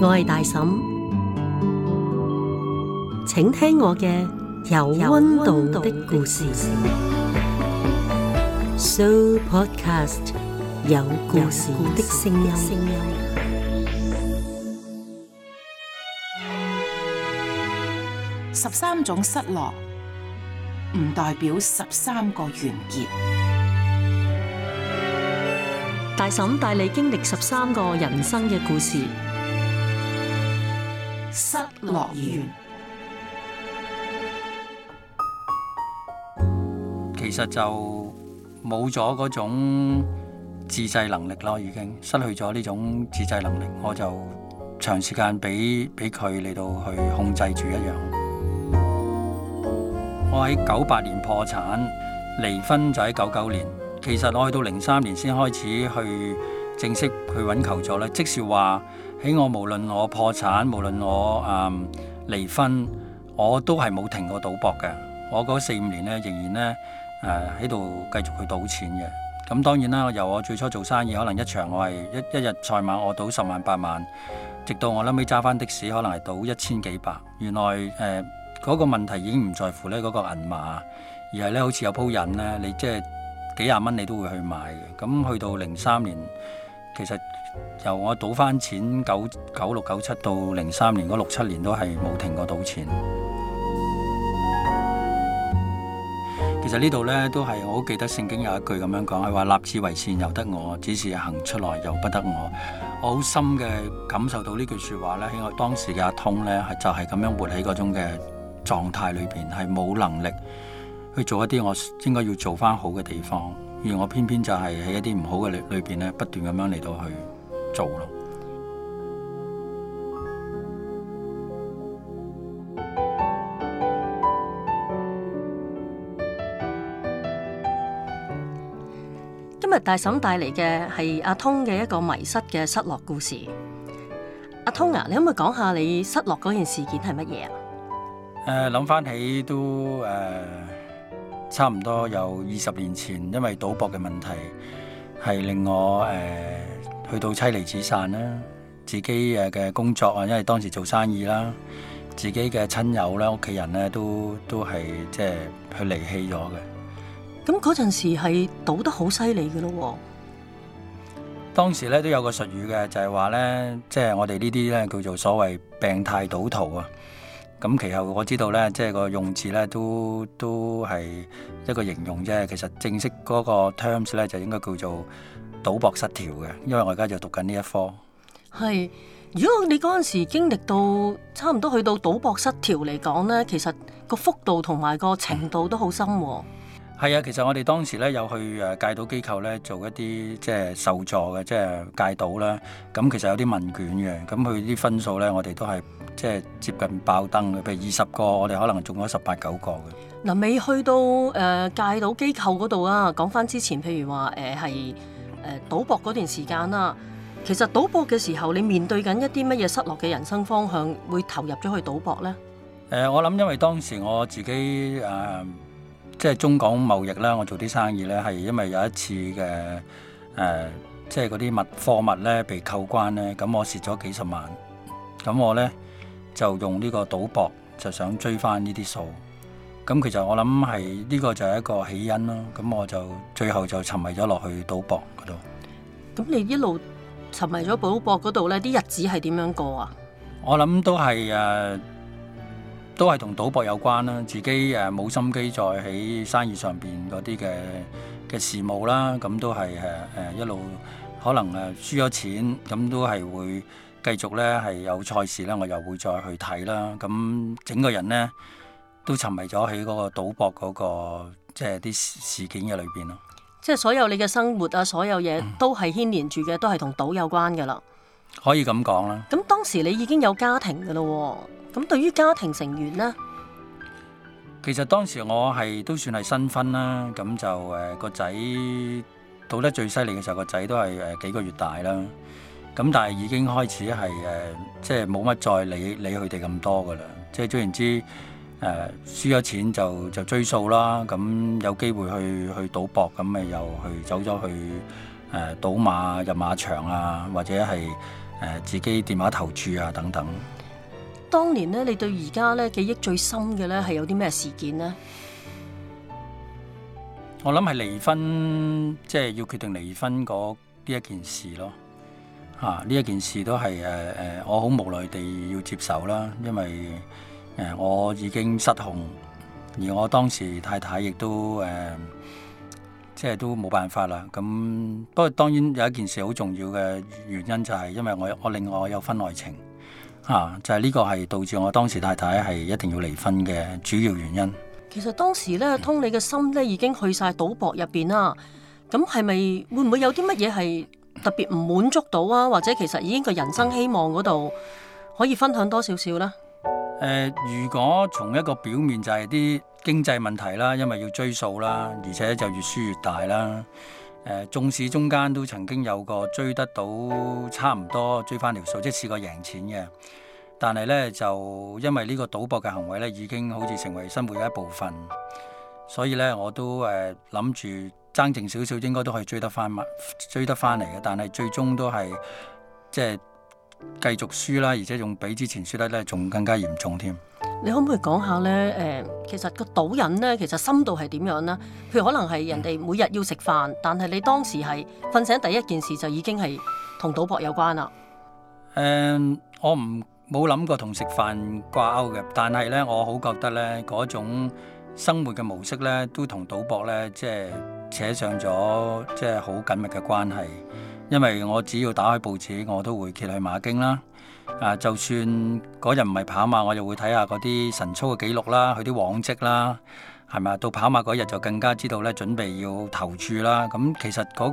我係大嬸，請聽我嘅有溫度的故事。So Podcast 有故事的聲音。十三種失落唔代表十三個完結。大嬸帶你經歷十三個人生嘅故事。樂園，樂園其實就冇咗嗰種自制能力咯，已經失去咗呢種自制能力，我就長時間俾俾佢嚟到去控制住一樣。我喺九八年破產，離婚就喺九九年，其實我去到零三年先開始去正式去揾求助啦，即是話。喺我無論我破產，無論我誒、嗯、離婚，我都係冇停過賭博嘅。我嗰四五年呢，仍然呢誒喺度繼續去賭錢嘅。咁當然啦，由我最初做生意，可能一場我係一一日賽馬我賭十萬八萬，直到我臨尾揸翻的士，可能係賭一千幾百。原來誒嗰、呃那個問題已經唔在乎呢嗰個銀碼，而係呢好似有鋪癮呢，你即係幾廿蚊你都會去買嘅。咁去到零三年，其實。由我賭翻錢，九九六九七到零三年六七年都係冇停過賭錢。其實呢度呢，都係我好記得聖經有一句咁樣講，係話立志為善由得我，只是行出來由不得我。我好深嘅感受到呢句說話呢，喺我當時嘅阿通呢，係就係、是、咁樣活喺嗰種嘅狀態裏邊，係冇能力去做一啲我應該要做翻好嘅地方，而我偏偏就係喺一啲唔好嘅裏裏邊呢不斷咁樣嚟到去。做咯。今日大嬸帶嚟嘅係阿通嘅一個迷失嘅失落故事。阿通啊，你可唔可以講下你失落嗰件事件係乜嘢啊？誒，諗翻起都誒，差唔多有二十年前，因為賭博嘅問題，係令我誒。去到妻離子散啦，自己誒嘅工作啊，因為當時做生意啦，自己嘅親友啦、屋企人咧都都係即係去離棄咗嘅。咁嗰陣時係賭得好犀利嘅咯。當時咧都有個術語嘅，就係話咧，即係我哋呢啲咧叫做所謂病態賭徒啊。咁其後我知道咧，即係個用字咧都都係一個形容啫。其實正式嗰個 terms 咧就應該叫做。賭博失調嘅，因為我而家就讀緊呢一科。係，如果你嗰陣時經歷到差唔多去到賭博失調嚟講呢，其實個幅度同埋個程度都好深喎。係啊，其實我哋當時呢有去誒戒賭機構呢做一啲即係受助嘅，即係戒賭啦。咁其實有啲問卷嘅，咁佢啲分數呢，我哋都係即係接近爆燈嘅，譬如二十個，我哋可能中咗十八九個嘅。嗱，未去到誒戒賭機構嗰度啊，講返之前，譬如話誒係。誒，賭博嗰段時間啦，其實賭博嘅時候，你面對緊一啲乜嘢失落嘅人生方向，會投入咗去賭博呢？誒、呃，我諗因為當時我自己誒、呃，即係中港貿易啦，我做啲生意呢，係因為有一次嘅誒、呃，即係嗰啲物貨物呢，被扣關呢，咁、嗯、我蝕咗幾十萬，咁、嗯、我呢，就用呢個賭博，就想追翻呢啲數，咁、嗯、其實我諗係呢個就係一個起因咯，咁、嗯、我就最後就沉迷咗落去賭博。咁你一路沉迷咗賭博嗰度呢啲日子係點樣過啊？我諗都係誒、呃，都係同賭博有關啦。自己誒冇、呃、心機再喺生意上邊嗰啲嘅嘅事務啦，咁、嗯、都係誒誒一路可能誒輸咗錢，咁、嗯、都係會繼續咧係有賽事啦，我又會再去睇啦。咁、嗯、整個人呢，都沉迷咗喺嗰個賭博嗰、嗰個即係啲事件嘅裏邊咯。即係所有你嘅生活啊，所有嘢都係牽連住嘅，都係同賭有關噶啦。可以咁講啦。咁當時你已經有家庭噶啦，咁對於家庭成員呢，其實當時我係都算係新婚啦。咁就誒個仔賭得最犀利嘅時候，個仔都係誒幾個月大啦。咁但係已經開始係誒、呃，即係冇乜再理理佢哋咁多噶啦。即係總言之。誒、呃、輸咗錢就就追數啦，咁有機會去去賭博，咁咪又去走咗去誒、呃、賭馬、入馬場啊，或者係誒、呃、自己電話投注啊等等。當年呢，你對而家呢記憶最深嘅呢係有啲咩事件呢？我諗係離婚，即、就、係、是、要決定離婚嗰呢一件事咯。啊，呢一件事都係誒誒，我好無奈地要接受啦，因為，誒，我已經失控，而我當時太太亦都誒、呃，即係都冇辦法啦。咁不過當然有一件事好重要嘅原因，就係因為我我另外有婚外情啊，就係、是、呢個係導致我當時太太係一定要離婚嘅主要原因。其實當時咧，通你嘅心咧已經去晒賭博入邊啦。咁係咪會唔會有啲乜嘢係特別唔滿足到啊？或者其實已經個人生希望嗰度可以分享多少少呢？誒、呃，如果從一個表面就係啲經濟問題啦，因為要追數啦，而且就越輸越大啦。誒、呃，縱使中間都曾經有過追得到差唔多追翻條數即係試過贏錢嘅，但係呢，就因為呢個賭博嘅行為呢，已經好似成為生活嘅一部分，所以呢，我都誒諗住爭淨少少，呃、點點應該都可以追得翻物，追得翻嚟嘅，但係最終都係即係。繼續輸啦，而且仲比之前輸得咧仲更加嚴重添。你可唔可以講下呢？誒，其實個賭癮呢，其實深度係點樣呢？譬如可能係人哋每日要食飯，但係你當時係瞓醒第一件事就已經係同賭博有關啦。誒、嗯，我唔冇諗過同食飯掛鈎嘅，但係呢，我好覺得呢嗰種生活嘅模式呢，都同賭博呢，即係扯上咗，即係好緊密嘅關係。因為我只要打開報紙，我都會揭去馬經啦。啊，就算嗰日唔係跑馬，我就會睇下嗰啲晨操嘅記錄啦，佢啲往績啦，係咪？到跑馬嗰日就更加知道咧，準備要投注啦。咁、嗯、其實嗰、嗰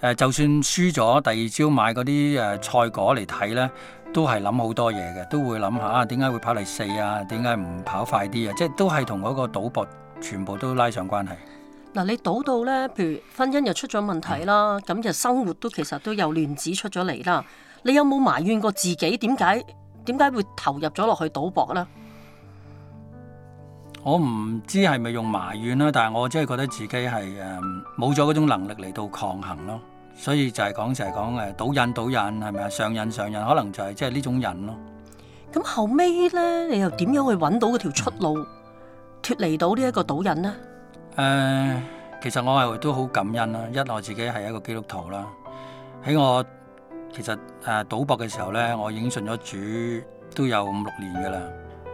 個、啊、就算輸咗，第二朝買嗰啲誒賽果嚟睇呢，都係諗好多嘢嘅，都會諗下啊，點解會跑嚟四啊？點解唔跑快啲啊？即係都係同嗰個賭博全部都拉上關係。嗱，你賭到咧，譬如婚姻又出咗問題啦，咁、嗯、就生活都其實都有亂子出咗嚟啦。你有冇埋怨過自己？點解點解會投入咗落去賭博咧？我唔知係咪用埋怨啦，但係我真係覺得自己係誒，冇咗嗰種能力嚟到抗衡咯。所以就係講，就係講誒，賭癮賭癮係咪啊？上癮上癮，可能就係即係呢種癮咯。咁後尾咧，你又點樣去揾到嗰條出路，脫離、嗯、到呢一個賭癮呢？誒，uh, 其實我係都好感恩啦。一我自己係一個基督徒啦，喺我其實誒啊、賭博嘅時候呢，我已經信咗主都有五六年㗎啦。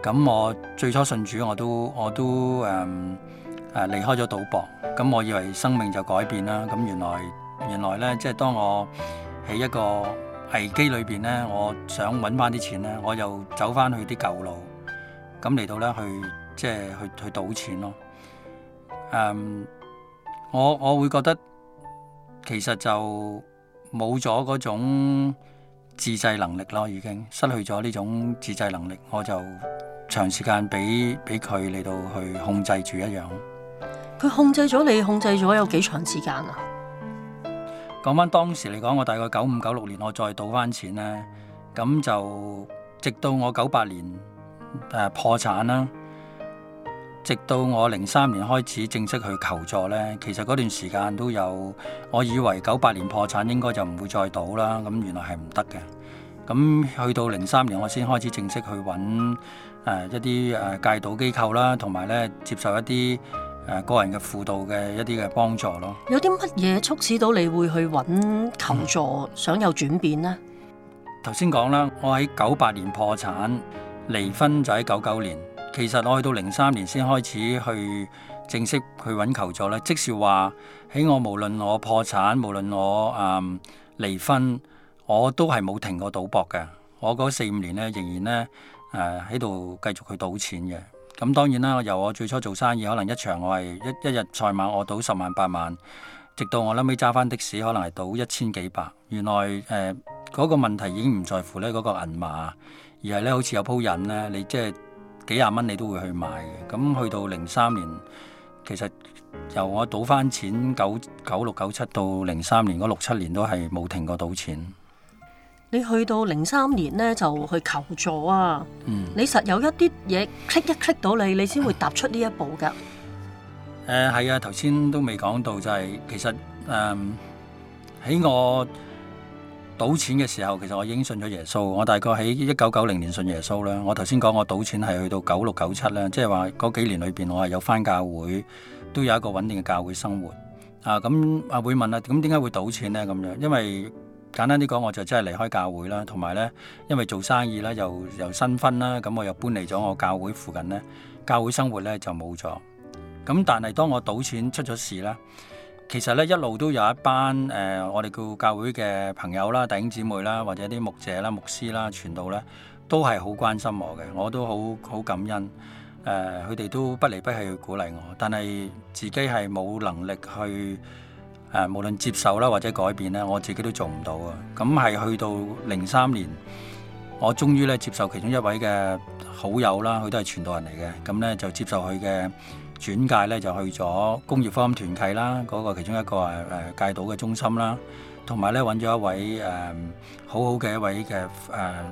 咁我最初信主，我都我都誒誒離開咗賭博。咁我以為生命就改變啦。咁原來原來呢，即係當我喺一個危機裏邊呢，我想揾翻啲錢呢，我又走翻去啲舊路，咁嚟到呢，去即係去去賭錢咯。嗯，um, 我我會覺得其實就冇咗嗰種自制能力咯，已經失去咗呢種自制能力，我就長時間俾俾佢嚟到去控制住一樣佢控制咗你，控制咗有幾長時間啊？講翻當時嚟講，我大概九五九六年我再賭翻錢咧，咁就直到我九八年誒、呃、破產啦。直到我零三年開始正式去求助呢。其實嗰段時間都有，我以為九八年破產應該就唔會再賭啦，咁原來係唔得嘅。咁去到零三年，我先開始正式去揾、呃、一啲誒戒賭機構啦，同埋咧接受一啲誒、呃、個人嘅輔導嘅一啲嘅幫助咯。有啲乜嘢促使到你會去揾求助，嗯、想有轉變呢？頭先講啦，我喺九八年破產，離婚就喺九九年。其實我去到零三年先開始去正式去揾求助呢，即係話喺我無論我破產，無論我啊、嗯、離婚，我都係冇停過賭博嘅。我嗰四五年呢，仍然呢誒喺度繼續去賭錢嘅。咁當然啦，由我最初做生意，可能一場我係一一日賽馬我賭十萬八萬，直到我後尾揸翻的士，可能係賭一千幾百。原來誒嗰、呃那個問題已經唔在乎呢嗰個銀碼，而係呢好似有鋪癮呢，你即係。幾廿蚊你都會去買嘅，咁去到零三年，其實由我賭翻錢九九六九七到零三年嗰六七年都係冇停過賭錢。你去到零三年呢，就去求助啊！嗯、你實有一啲嘢 click 一 click 到你，你先會踏出呢一步噶。誒、呃，係啊，頭先都未講到就係、是，其實誒喺、呃、我。賭錢嘅時候，其實我已經信咗耶穌。我大概喺一九九零年信耶穌啦。我頭先講我賭錢係去到九六九七啦，97, 即係話嗰幾年裏邊我係有返教會，都有一個穩定嘅教會生活。啊，咁、啊、阿、啊、會問啦，咁點解會賭錢呢？」咁樣，因為簡單啲講，我就真係離開教會啦，同埋呢，因為做生意啦，又又新婚啦，咁、啊啊、我又搬嚟咗我教會附近呢，教會生活呢就冇咗。咁、啊、但係當我賭錢出咗事咧。其實咧一路都有一班誒、呃，我哋叫教會嘅朋友啦、弟兄姊妹啦，或者啲牧者啦、牧師啦、傳道咧，都係好關心我嘅，我都好好感恩。誒、呃，佢哋都不離不棄去鼓勵我，但係自己係冇能力去誒、呃，無論接受啦或者改變咧，我自己都做唔到啊。咁係去到零三年，我終於咧接受其中一位嘅好友啦，佢都係傳道人嚟嘅，咁咧就接受佢嘅。轉介咧就去咗工業福音團契啦，嗰、那個其中一個誒誒戒毒嘅中心啦，同埋咧揾咗一位誒、呃、好好嘅一位嘅誒、呃、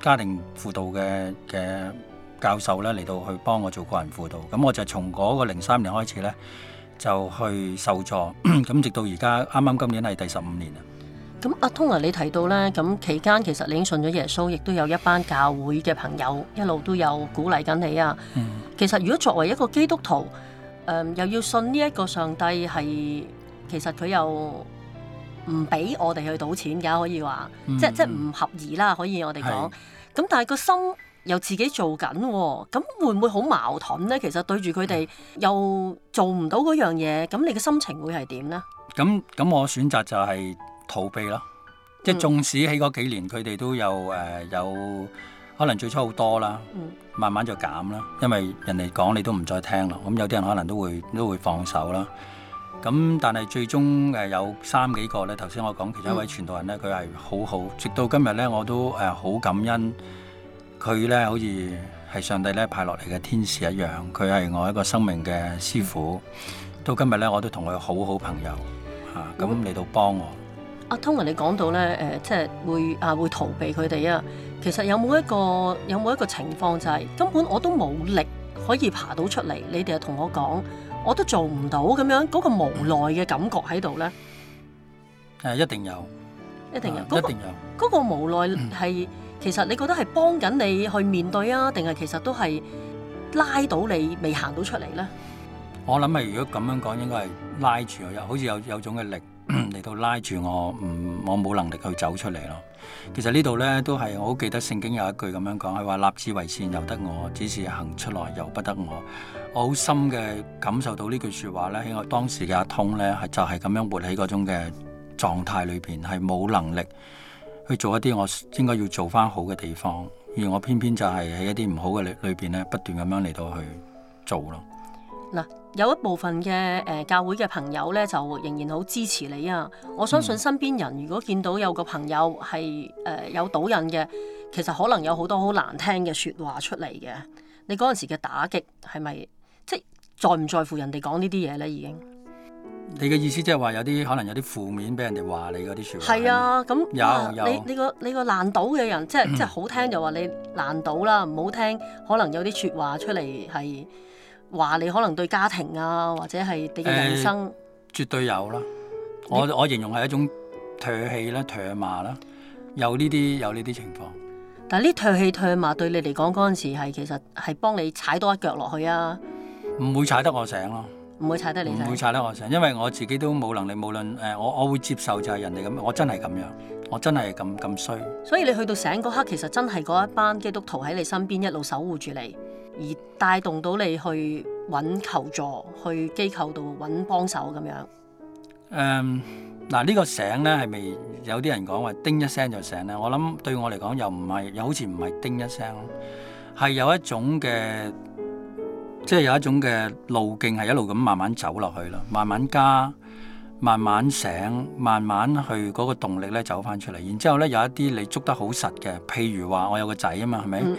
家庭輔導嘅嘅教授咧嚟到去幫我做個人輔導，咁我就從嗰個零三年開始咧就去受助，咁 直到而家啱啱今年係第十五年啊！咁阿、啊、通，o、啊、你提到咧，咁期間其實你已經信咗耶穌，亦都有一班教會嘅朋友一路都有鼓勵緊你啊。嗯、其實，如果作為一個基督徒，誒、呃、又要信呢一個上帝，係其實佢又唔俾我哋去賭錢㗎，可以話、嗯、即即唔合宜啦。可以我哋講咁，是但係個心又自己做緊，咁會唔會好矛盾咧？其實對住佢哋又做唔到嗰樣嘢，咁你嘅心情會係點咧？咁咁，我選擇就係、是。逃避咯，即係縱使喺嗰幾年佢哋都有誒、呃、有可能最初好多啦，慢慢就減啦，因為人哋講你都唔再聽啦，咁、嗯、有啲人可能都會都會放手啦。咁但係最終誒、呃、有三幾個咧，頭先我講其中一位傳道人咧，佢係好好，直到今日咧我都誒好、呃、感恩佢咧，好似係上帝咧派落嚟嘅天使一樣，佢係我一個生命嘅師傅，嗯、到今日咧我都同佢好好朋友嚇，咁、啊、嚟到幫我。通常你講到咧，誒、呃，即係會啊，會逃避佢哋啊。其實有冇一個，有冇一個情況就係、是、根本我都冇力可以爬到出嚟。你哋又同我講，我都做唔到咁樣，嗰、那個無奈嘅感覺喺度咧。誒、嗯，一定有，啊、一定有、啊，一定有。嗰個無奈係，其實你覺得係幫緊你去面對啊，定係其實都係拉到你未行到出嚟咧？我諗係，如果咁樣講，應該係拉住，好有好似有有種嘅力。嚟到拉住我，唔我冇能力去走出嚟咯。其實呢度呢，都係我好記得聖經有一句咁樣講，係話立志為善由得我，只是行出來由不得我。我好深嘅感受到呢句說話呢，喺我當時嘅阿通呢，係就係、是、咁樣活喺嗰種嘅狀態裏邊，係冇能力去做一啲我應該要做翻好嘅地方，而我偏偏就係喺一啲唔好嘅裏裏邊咧，不斷咁樣嚟到去做咯。嗱，有一部分嘅誒、呃、教會嘅朋友咧，就仍然好支持你啊！我相信身邊人如果見到有個朋友係誒、呃、有賭癮嘅，其實可能有好多好難聽嘅説話出嚟嘅。你嗰陣時嘅打擊係咪即係在唔在乎人哋講呢啲嘢咧？已經，你嘅意思即係話有啲可能有啲負面俾人哋話你嗰啲説話，係啊，咁、嗯、有，有你你個你個爛賭嘅人，即係、嗯、即係好聽就話你爛賭啦，唔好聽可能有啲説話出嚟係。話你可能對家庭啊，或者係你嘅人生、呃，絕對有啦。我你我形容係一種唾棄啦、唾罵啦，有呢啲有呢啲情況。但係呢唾棄、唾罵對你嚟講嗰陣時係其實係幫你踩多一腳落去啊，唔會踩得我醒咯，唔會踩得你醒，唔會踩得我醒，因為我自己都冇能力，無論誒，我我會接受就係人哋咁樣，我真係咁樣，我真係咁咁衰。所以你去到醒嗰刻，其實真係嗰一班基督徒喺你身邊一路守護住你。而帶動到你去揾求助，去機構度揾幫手咁樣。誒、um, 這個，嗱呢個醒呢係咪有啲人講話叮一聲就醒呢？我諗對我嚟講又唔係，又好似唔係叮一聲，係有一種嘅，即、就、係、是、有一種嘅路徑係一路咁慢慢走落去咯，慢慢加，慢慢醒，慢慢去嗰個動力咧走翻出嚟。然之後呢，有一啲你捉得好實嘅，譬如話我有個仔啊嘛，係咪？Um,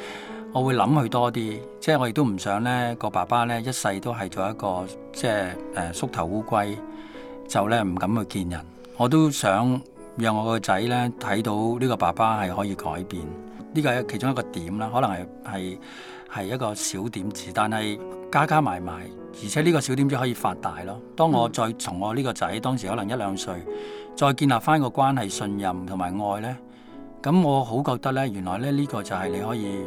我會諗佢多啲，即係我亦都唔想呢個爸爸呢一世都係做一個即係誒縮頭烏龜，就呢唔敢去見人。我都想讓我個仔呢睇到呢個爸爸係可以改變，呢個係其中一個點啦。可能係係係一個小點子，但係加加埋埋，而且呢個小點子可以發大咯。當我再從我呢個仔當時可能一兩歲再建立翻個關係信任同埋愛呢，咁我好覺得呢，原來呢呢個就係你可以。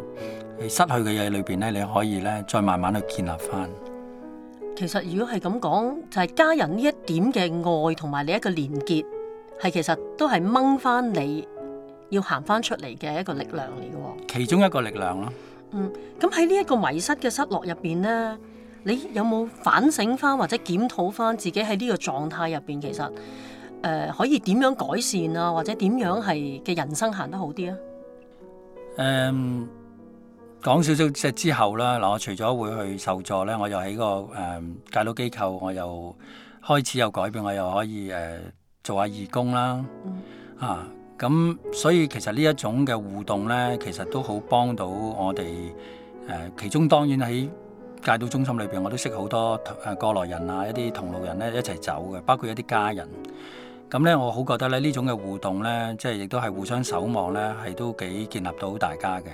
失去嘅嘢裏邊咧，你可以咧再慢慢去建立翻。其實如果係咁講，就係、是、家人呢一點嘅愛同埋你一個連結，係其實都係掹翻你要行翻出嚟嘅一個力量嚟嘅。其中一個力量咯、啊。嗯，咁喺呢一個迷失嘅失落入邊咧，你有冇反省翻或者檢討翻自己喺呢個狀態入邊，其實誒、呃、可以點樣改善啊，或者點樣係嘅人生行得好啲啊？誒。Um, 講少少即係之後啦，嗱，我除咗會去受助咧，我又喺個誒戒毒機構，我又開始有改變，我又可以誒、呃、做下義工啦，啊，咁所以其實呢一種嘅互動咧，其實都好幫到我哋。誒、呃，其中當然喺戒毒中心裏邊，我都識好多誒過來人啊，一啲同路人咧一齊走嘅，包括一啲家人。咁、啊、咧，我好覺得咧呢種嘅互動咧，即係亦都係互相守望咧，係都幾建立到大家嘅。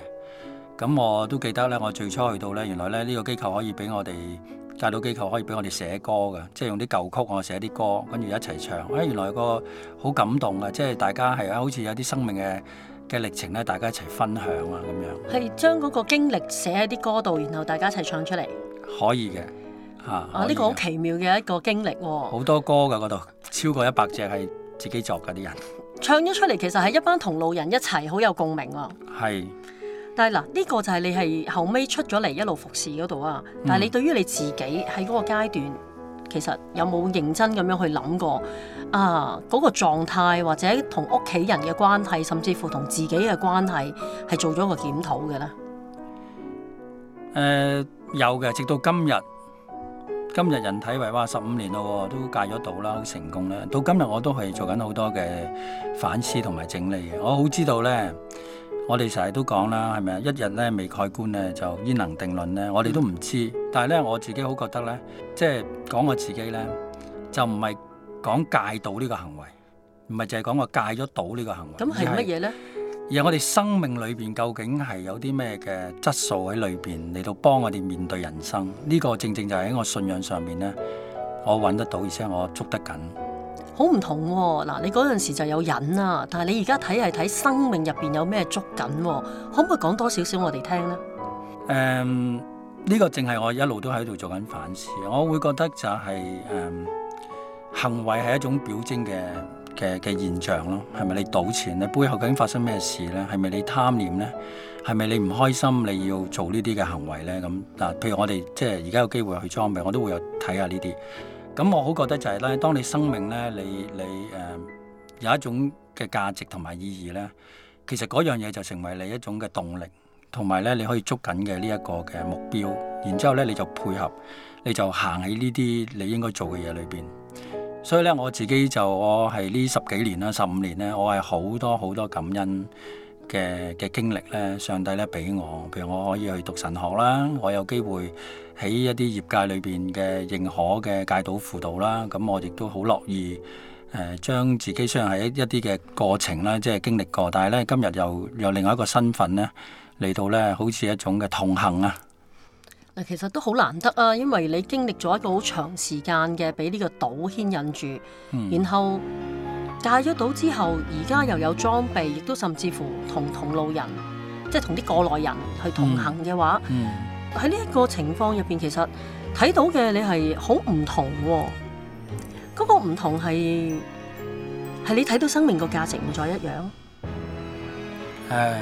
咁我都記得咧，我最初去到咧，原來咧呢個機構可以俾我哋，街道機構可以俾我哋寫歌嘅，即係用啲舊曲我寫啲歌，跟住一齊唱。哎，原來個好感動啊！即係大家係啊，好似有啲生命嘅嘅歷程咧，大家一齊分享啊咁樣。係將嗰個經歷寫喺啲歌度，然後大家一齊唱出嚟。可以嘅，嚇！啊，呢個好奇妙嘅一個經歷喎。好多歌噶嗰度，超過一百隻係自己作嘅啲人唱咗出嚟，其實係一班同路人一齊好有共鳴喎。係。但係嗱，呢個就係你係後尾出咗嚟一路服侍嗰度啊！但係你對於你自己喺嗰個階段，嗯、其實有冇認真咁樣去諗過啊？嗰、嗰個狀態或者同屋企人嘅關係，甚至乎同自己嘅關係，係做咗個檢討嘅呢？誒、呃，有嘅，直到今日，今日人睇話哇，十五年咯，都戒咗度啦，好成功咧。到今日我都係做緊好多嘅反思同埋整理，我好知道呢。我哋成日都講啦，係咪啊？一日咧未蓋棺咧，就焉能定論咧？我哋都唔知，但係咧我自己好覺得咧，即係講我自己咧，就唔係講戒賭呢個行為，唔係淨係講我戒咗賭呢個行為。咁係乜嘢咧？而係我哋生命裏邊究竟係有啲咩嘅質素喺裏邊嚟到幫我哋面對人生？呢個正正就係喺我信仰上面咧，我揾得到，而且我捉得緊。好唔同喎、啊，嗱你嗰陣時就有癮啦、啊，但係你而家睇係睇生命入邊有咩捉緊喎、啊，可唔可以講多少少我哋聽呢？誒、嗯、呢、這個淨係我一路都喺度做緊反思，我會覺得就係、是、誒、嗯、行為係一種表徵嘅嘅嘅現象咯，係咪你賭錢咧？背後究竟發生咩事咧？係咪你貪念咧？係咪你唔開心你要做呢啲嘅行為咧？咁嗱，譬如我哋即係而家有機會去裝備，我都會有睇下呢啲。咁我好覺得就係咧，當你生命咧，你你誒、呃、有一種嘅價值同埋意義咧，其實嗰樣嘢就成為你一種嘅動力，同埋咧你可以捉緊嘅呢一個嘅目標，然之後咧你就配合，你就行喺呢啲你應該做嘅嘢裏邊。所以咧我自己就我係呢十幾年啦，十五年咧，我係好多好多感恩嘅嘅經歷呢，上帝呢俾我，譬如我可以去讀神學啦，我有機會喺一啲業界裏邊嘅認可嘅戒賭輔導啦，咁、嗯、我亦都好樂意誒、呃，將自己雖然係一一啲嘅過程啦，即係經歷過，但係呢，今日又有另外一個身份呢嚟到呢，好似一種嘅痛恨啊！其實都好難得啊，因為你經歷咗一個好長時間嘅，俾呢個賭牽引住，嗯、然後。戒咗到之後，而家又有裝備，亦都甚至乎同同路人，即係同啲過來人去同行嘅話，喺呢一個情況入邊，其實睇到嘅你係好唔同喎、哦。嗰、那個唔同係係你睇到生命嘅價值唔再一樣。誒、呃，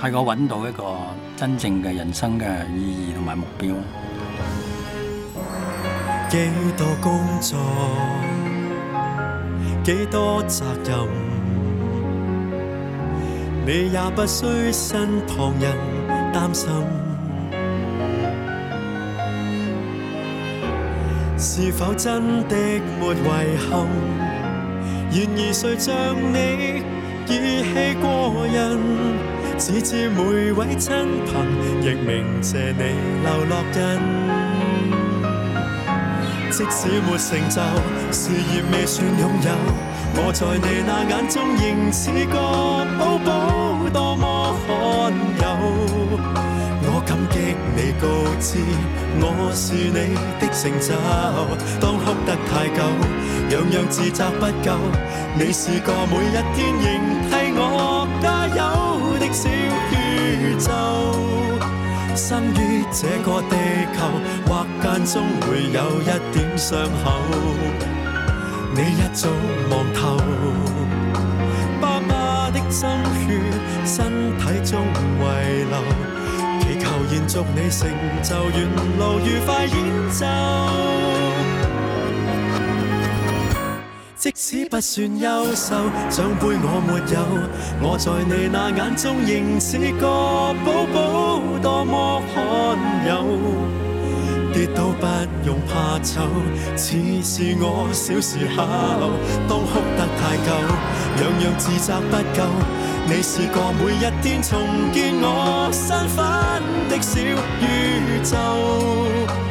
係我揾到一個真正嘅人生嘅意義同埋目標。幾多工作？幾多責任，你也不需身旁人擔心。是否真的沒遺憾？然而誰像你義氣過人，只知每位親朋亦明謝你留落人。即使沒成就，事業未算擁有，我在你那眼中仍似個寶寶，多麼罕有。我感激你告知我是你的成就。當哭得太久，樣樣自責不夠，你是個每一天仍替我加油的小宇宙。生於這個地球，或間中會有一點傷口。你一早望透，爸媽的心血，身體中遺留，祈求延續你成就，沿路愉快演奏。只不算優秀，獎杯我沒有。我在你那眼中仍是個寶寶，多麼罕有。跌倒不用怕醜，似是我小時候。當哭得太久，樣樣自責不夠。你試過每一天重建我身份的小宇宙。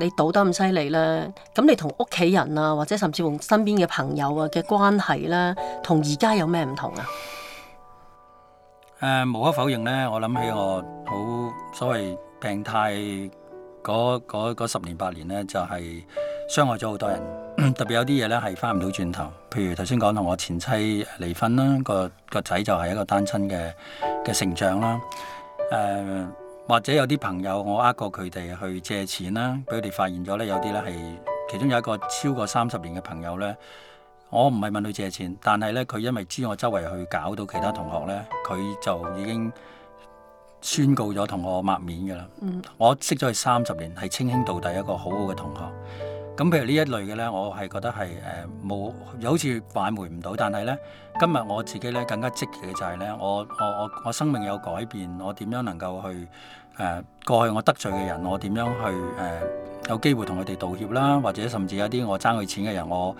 你賭得咁犀利啦，咁你同屋企人啊，或者甚至乎身邊嘅朋友啊嘅關係咧，同而家有咩唔同啊？誒、呃，無可否認咧，我諗起我好所謂病態嗰十年八年咧，就係、是、傷害咗好多人，特別有啲嘢咧係翻唔到轉頭。譬如頭先講同我前妻離婚啦，個個仔就係一個單親嘅嘅成長啦，誒、呃。或者有啲朋友，我呃過佢哋去借錢啦，啊，俾佢哋發現咗咧，有啲咧係其中有一個超過三十年嘅朋友咧，我唔係問佢借錢，但係咧佢因為知我周圍去搞到其他同學咧，佢就已經宣告咗同我抹面噶啦。嗯、我識咗佢三十年，係清清到底一個好好嘅同學。咁譬如呢一類嘅呢，我係覺得係誒冇又好似挽回唔到，但係呢，今日我自己呢，更加積極嘅就係呢：我我我我生命有改變，我點樣能夠去誒、呃、過去我得罪嘅人，我點樣去誒、呃、有機會同佢哋道歉啦，或者甚至有啲我爭佢錢嘅人，我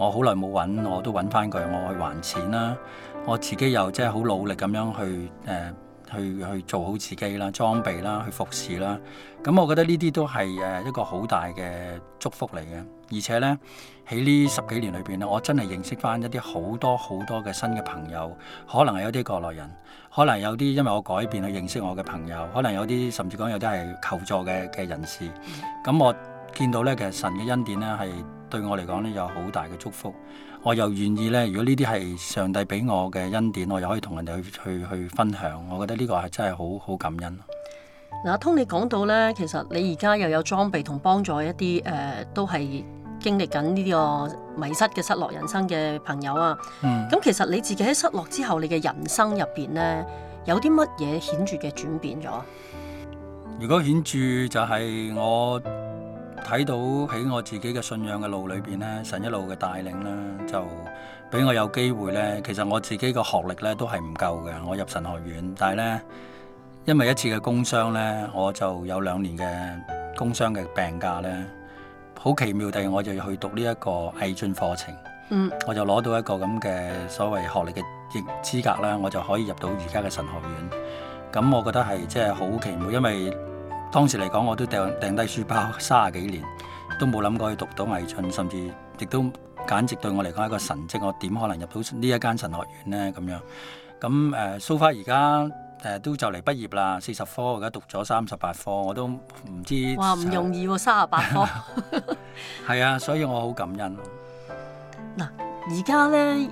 我好耐冇揾我都揾翻佢，我去還錢啦。我自己又即係好努力咁樣去誒。呃去去做好自己啦，裝備啦，去服侍啦。咁、嗯、我覺得呢啲都係誒一個好大嘅祝福嚟嘅。而且呢，喺呢十幾年裏邊呢，我真係認識翻一啲好多好多嘅新嘅朋友。可能係有啲國內人，可能有啲因為我改變去認識我嘅朋友，可能有啲甚至講有啲係求助嘅嘅人士。咁、嗯嗯、我見到呢，其實神嘅恩典呢，係對我嚟講呢有好大嘅祝福。我又願意咧，如果呢啲係上帝俾我嘅恩典，我又可以同人哋去去去分享。我覺得呢個係真係好好感恩。嗱、啊，阿通，你講到呢，其實你而家又有裝備同幫助一啲誒、呃，都係經歷緊呢個迷失嘅失落人生嘅朋友啊。咁、嗯、其實你自己喺失落之後，你嘅人生入邊呢，有啲乜嘢顯著嘅轉變咗？如果顯著就係我。睇到喺我自己嘅信仰嘅路裏邊咧，神一路嘅帶領啦，就俾我有機會咧。其實我自己個學歷咧都係唔夠嘅，我入神學院，但係咧因為一次嘅工傷咧，我就有兩年嘅工傷嘅病假咧，好奇妙地我就要去讀呢一個毅進課程，嗯，我就攞到一個咁嘅所謂學歷嘅資格啦，我就可以入到而家嘅神學院。咁我覺得係即係好奇妙，因為。.當時嚟講，我都掟掟低書包，三十幾年都冇諗過去讀到毅進，甚至亦都簡直對我嚟講係一個神跡。我點可能入到呢一間神學院呢？咁樣咁誒，蘇花而家誒都就嚟畢業啦，四十科而家讀咗三十八科，我都唔知話唔容易喎，啊，三十八科係 啊，所以我好感恩嗱，而家呢，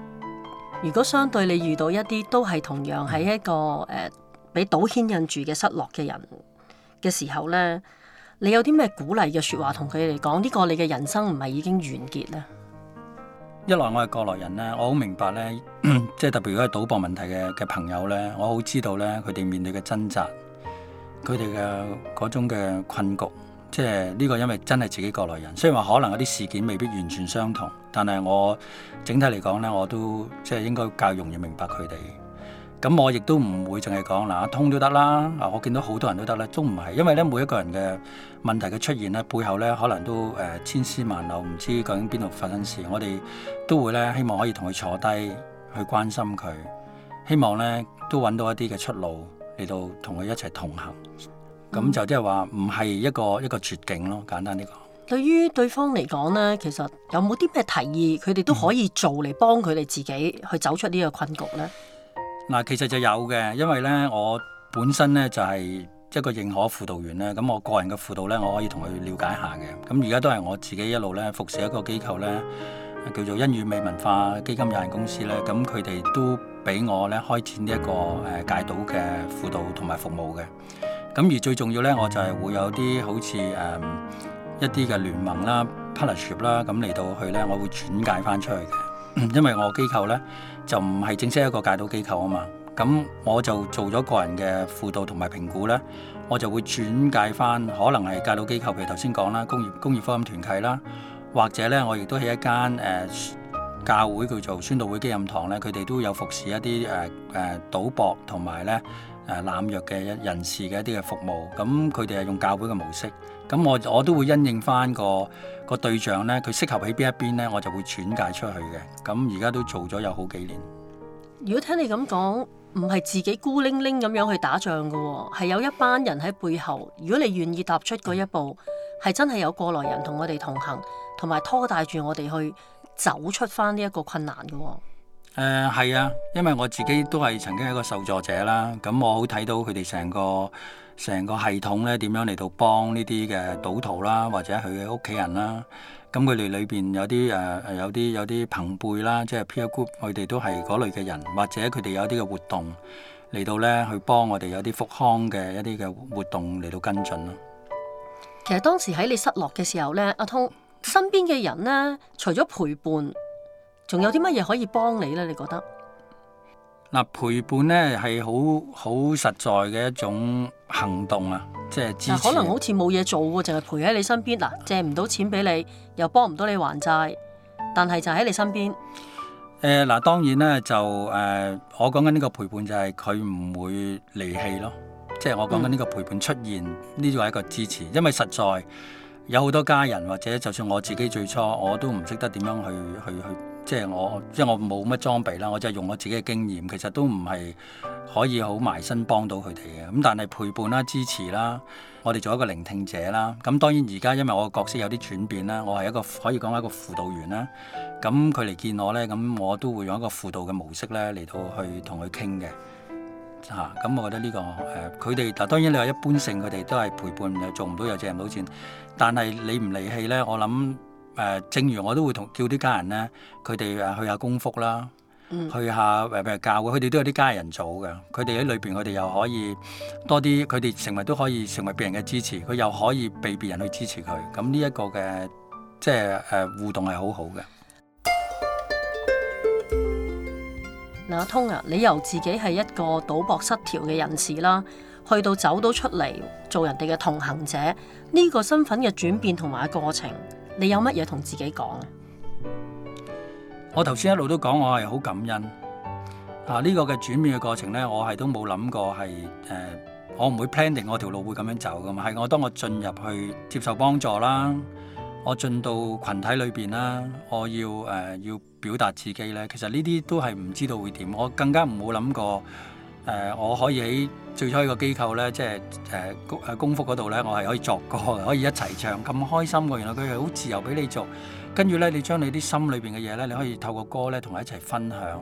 如果相對你遇到一啲都係同樣係一個誒俾賭牽引住嘅失落嘅人。嘅時候呢，你有啲咩鼓勵嘅說話同佢哋講？呢、呢個你嘅人生唔係已經完結啦。一來我係過來人呢，我好明白呢，即係特別如果係賭博問題嘅嘅朋友呢，我好知道呢，佢哋面對嘅掙扎，佢哋嘅嗰種嘅困局，即係呢個因為真係自己過來人，雖然話可能有啲事件未必完全相同，但係我整體嚟講呢，我都即係應該較容易明白佢哋。咁我亦都唔會淨係講嗱通都得啦，啊我見到好多人都得咧，都唔係，因為咧每一個人嘅問題嘅出現咧，背後咧可能都誒、呃、千絲萬縷，唔知究竟邊度發生事。我哋都會咧希望可以同佢坐低去關心佢，希望咧都搵到一啲嘅出路嚟到同佢一齊同行。咁、嗯、就即係話唔係一個一個絕境咯，簡單啲講。對於對方嚟講咧，其實有冇啲咩提議，佢哋都可以做嚟幫佢哋自己、嗯、去走出呢個困局咧？嗱，其實就有嘅，因為咧，我本身咧就係一個認可輔導員咧，咁我個人嘅輔導咧，我可以同佢了解下嘅。咁而家都係我自己一路咧服侍一個機構咧，叫做恩與美文化基金有限公司咧，咁佢哋都俾我咧開展呢一個誒戒毒嘅輔導同埋服務嘅。咁而最重要咧，我就係會有啲好似誒、呃、一啲嘅聯盟啦、partnership 啦，咁嚟到去咧，我會轉介翻出去嘅。因為我機構呢，就唔係正式一個戒賭機構啊嘛，咁我就做咗個人嘅輔導同埋評估呢，我就會轉介翻可能係戒賭機構，譬如頭先講啦，工業工業福音團契啦，或者呢，我亦都喺一間誒、呃、教會叫做宣道會基任堂呢，佢哋都有服侍一啲誒誒賭博同埋呢誒、呃、濫藥嘅人士嘅一啲嘅服務，咁佢哋係用教會嘅模式。咁、嗯、我我都會因應翻個個對象呢，佢適合喺邊一邊呢，我就會轉介出去嘅。咁而家都做咗有好幾年。如果聽你咁講，唔係自己孤零零咁樣去打仗嘅喎、哦，係有一班人喺背後。如果你願意踏出嗰一步，係真係有過來人同我哋同行，同埋拖帶住我哋去走出翻呢一個困難嘅喎、哦。誒係、呃、啊，因為我自己都係曾經係一個受助者啦，咁、嗯、我好睇到佢哋成個。成個系統咧，點樣嚟到幫呢啲嘅賭徒啦，或者佢嘅屋企人啦？咁佢哋裏邊有啲誒，有啲有啲朋輩啦，即係 peer group，佢哋都係嗰類嘅人，或者佢哋有啲嘅活動嚟到咧，去幫我哋有啲復康嘅一啲嘅活動嚟到跟進咯。其實當時喺你失落嘅時候咧，阿通身邊嘅人呢，除咗陪伴，仲有啲乜嘢可以幫你咧？你覺得嗱、啊、陪伴咧係好好實在嘅一種。行動啊，即係支持。可能好似冇嘢做喎，淨係陪喺你身邊。嗱、啊，借唔到錢俾你，又幫唔到你還債，但係就喺你身邊。誒嗱、呃，當然咧就誒、呃，我講緊呢個陪伴就係佢唔會離棄咯。即係我講緊呢個陪伴出現，呢個係一個支持。因為實在有好多家人，或者就算我自己最初我都唔識得點樣去去去。去即係我，即係我冇乜裝備啦，我就係用我自己嘅經驗，其實都唔係可以好埋身幫到佢哋嘅。咁但係陪伴啦、支持啦，我哋做一個聆聽者啦。咁當然而家因為我嘅角色有啲轉變啦，我係一個可以講一個輔導員啦。咁佢嚟見我呢，咁我都會用一個輔導嘅模式呢嚟到去同佢傾嘅。嚇、啊，咁我覺得呢個誒，佢哋嗱當然你話一般性，佢哋都係陪伴做唔到又借唔到錢，但係你唔離棄呢，我諗。誒，正如我都會同叫啲家人咧，佢哋誒去下功夫啦，嗯、去下教會，佢哋都有啲家人做嘅，佢哋喺裏邊，佢哋又可以多啲，佢哋成為都可以成為別人嘅支持，佢又可以被別人去支持佢。咁呢一個嘅即係誒互動係好好嘅。嗱，阿通啊，你由自己係一個賭博失調嘅人士啦，去到走到出嚟做人哋嘅同行者，呢、這個身份嘅轉變同埋過程。你有乜嘢同自己講啊？我頭先一路都講，我係好感恩啊！呢個嘅轉變嘅過程呢，我係都冇諗過係誒、呃，我唔會 plan 定我條路會咁樣走噶嘛。係我當我進入去接受幫助啦，我進到群體裏邊啦，我要誒、呃、要表達自己呢。其實呢啲都係唔知道會點，我更加唔冇諗過。誒、呃，我可以喺最初一個機構呢，即係誒公誒公福嗰度呢，我係可以作歌，可以一齊唱咁開心。原來佢係好自由俾你做，跟住呢，你將你啲心裏邊嘅嘢呢，你可以透過歌呢同佢一齊分享。誒、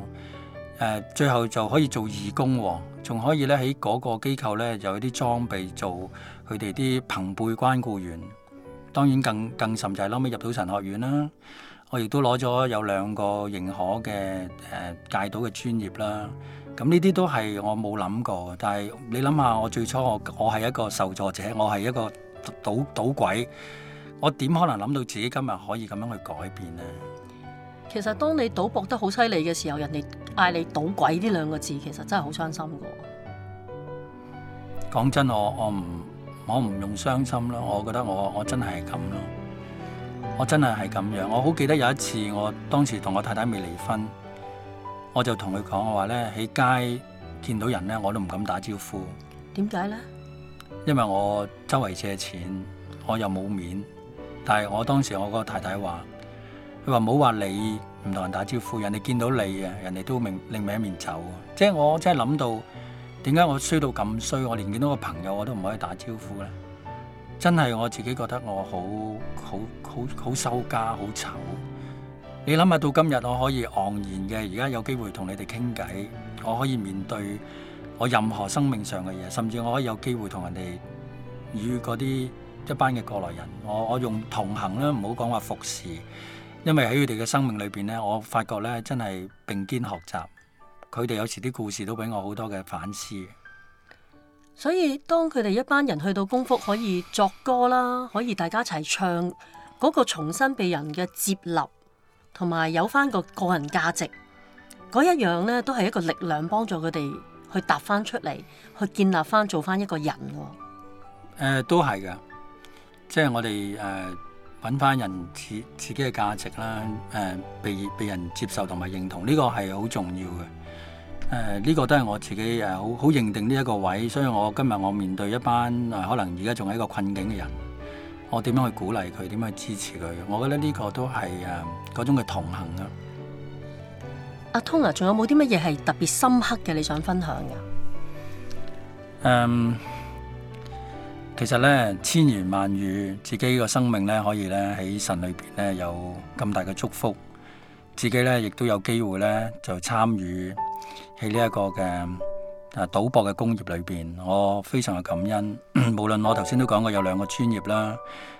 呃，最後就可以做義工喎，仲、哦、可以呢喺嗰個機構咧有啲裝備做佢哋啲朋輩關顧員。當然更、更更甚就係後尾入到神學院啦。我亦都攞咗有兩個認可嘅誒戒賭嘅專業啦，咁呢啲都係我冇諗過。但係你諗下，我最初我我係一個受助者，我係一個賭賭鬼，我點可能諗到自己今日可以咁樣去改變呢？其實當你賭博得好犀利嘅時候，人哋嗌你賭鬼呢兩個字，其實真係好傷心噶。講真，我我唔我唔用傷心咯，我覺得我我真係咁咯。我真係係咁樣，我好記得有一次，我當時同我太太未離婚，我就同佢講我話呢，喺街見到人呢，我都唔敢打招呼。點解呢？因為我周圍借錢，我又冇面。但係我當時我個太太話：佢話唔好話你唔同人打招呼，人哋見到你啊，人哋都另另一面走。即係我真係諗到點解我衰到咁衰，我連見到個朋友我都唔可以打招呼呢。真係我自己覺得我好好好好羞家好醜，你諗下到今日我可以昂然嘅，而家有機會同你哋傾偈，我可以面對我任何生命上嘅嘢，甚至我可以有機會同人哋與嗰啲一班嘅過來人，我我用同行啦，唔好講話服侍，因為喺佢哋嘅生命裏邊咧，我發覺咧真係並肩學習，佢哋有時啲故事都俾我好多嘅反思。所以，當佢哋一班人去到功夫，可以作歌啦，可以大家一齊唱，嗰、那個重新被人嘅接納，同埋有翻個個人價值，嗰一樣呢，都係一個力量，幫助佢哋去踏翻出嚟，去建立翻，做翻一個人喎、呃。都係嘅，即係我哋誒揾翻人自自己嘅價值啦，誒、呃、被被人接受同埋認同，呢個係好重要嘅。誒，呢、呃，這個都係我自己誒、啊，好好認定呢一個位，所以我今日我面對一班誒、啊，可能而家仲喺一個困境嘅人，我點樣去鼓勵佢，點樣去支持佢，我覺得呢個都係誒，嗰、啊、種嘅同行咯。阿通 o 啊，仲、啊啊、有冇啲乜嘢係特別深刻嘅你想分享噶、啊？誒、嗯，其實咧千言萬語，自己個生命咧可以咧喺神裏邊咧有咁大嘅祝福，自己咧亦都有機會咧就參與。喺呢一個嘅啊賭博嘅工業裏邊，我非常嘅感恩。 無論我頭先都講過有兩個專業啦，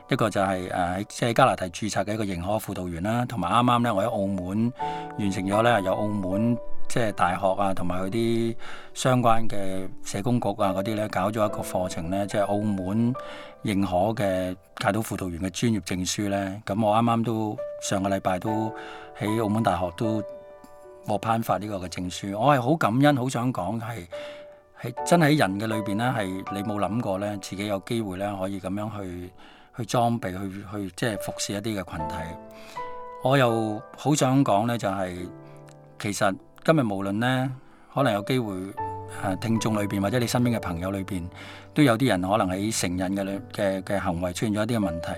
一個就係誒喺即係加拿大註冊嘅一個認可輔導員啦，同埋啱啱咧我喺澳門完成咗咧有澳門即係、就是、大學啊，同埋佢啲相關嘅社工局啊嗰啲咧搞咗一個課程咧，即、就、係、是、澳門認可嘅戒賭輔導員嘅專業證書咧。咁我啱啱都上個禮拜都喺澳門大學都。冇頒發呢個嘅證書，我係好感恩，好想講係係真喺人嘅裏邊呢係你冇諗過呢，自己有機會呢可以咁樣去去裝備，去去即係服侍一啲嘅群體。我又好想講呢，就係、是、其實今日無論呢，可能有機會誒、啊、聽眾裏邊或者你身邊嘅朋友裏邊，都有啲人可能喺成人嘅嘅嘅行為出現咗一啲嘅問題。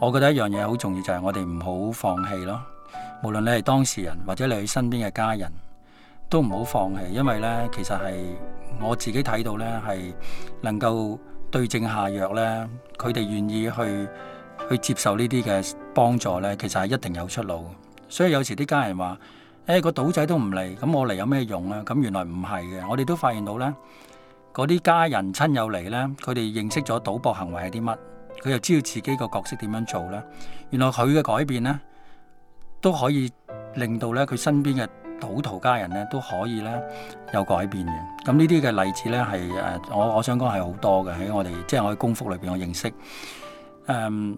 我覺得一樣嘢好重要，就係、是、我哋唔好放棄咯。無論你係當事人或者你身邊嘅家人，都唔好放棄，因為呢，其實係我自己睇到呢，係能夠對症下藥呢，佢哋願意去去接受呢啲嘅幫助呢，其實係一定有出路。所以有時啲家人話，誒、欸，個賭仔都唔嚟，咁我嚟有咩用啊？咁原來唔係嘅，我哋都發現到呢，嗰啲家人親友嚟呢，佢哋認識咗賭博行為係啲乜，佢又知道自己個角色點樣做呢，原來佢嘅改變呢。都可以令到咧佢身邊嘅賭徒家人咧都可以咧有改變嘅。咁呢啲嘅例子咧係誒，我我想講係好多嘅喺我哋，即係我喺功夫裏邊我認識。誒、嗯，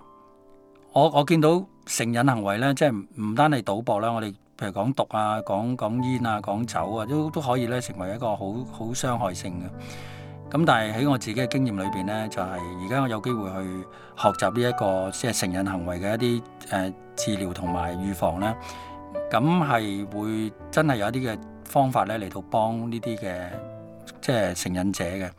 我我見到成癮行為咧，即係唔單係賭博啦，我哋譬如講毒啊、講講煙啊、講酒啊，都都可以咧成為一個好好傷害性嘅。咁但係喺我自己嘅經驗裏邊呢，就係而家我有機會去學習呢一個即係成癮行為嘅一啲誒治療同埋預防咧，咁係會真係有一啲嘅方法呢嚟到幫呢啲嘅即係成癮者嘅。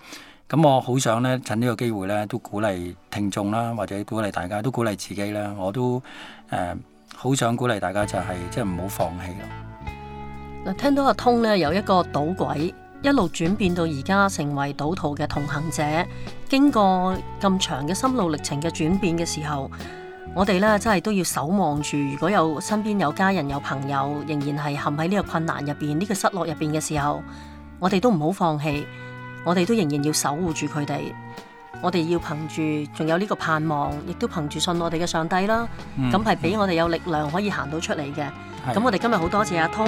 咁我好想呢，趁呢個機會呢，都鼓勵聽眾啦，或者鼓勵大家都鼓勵自己啦，我都誒好、呃、想鼓勵大家就係、是、即係唔好放棄咯。嗱，聽到阿通呢，有一個賭鬼。一路轉變到而家成為賭徒嘅同行者，經過咁長嘅心路歷程嘅轉變嘅時候，我哋咧真係都要守望住。如果有身邊有家人有朋友仍然係陷喺呢個困難入邊、呢個失落入邊嘅時候，我哋都唔好放棄，我哋都仍然要守護住佢哋。我哋要憑住仲有呢個盼望，亦都憑住信我哋嘅上帝啦。咁係俾我哋有力量可以行到出嚟嘅。咁、嗯嗯、我哋今日好多謝阿通。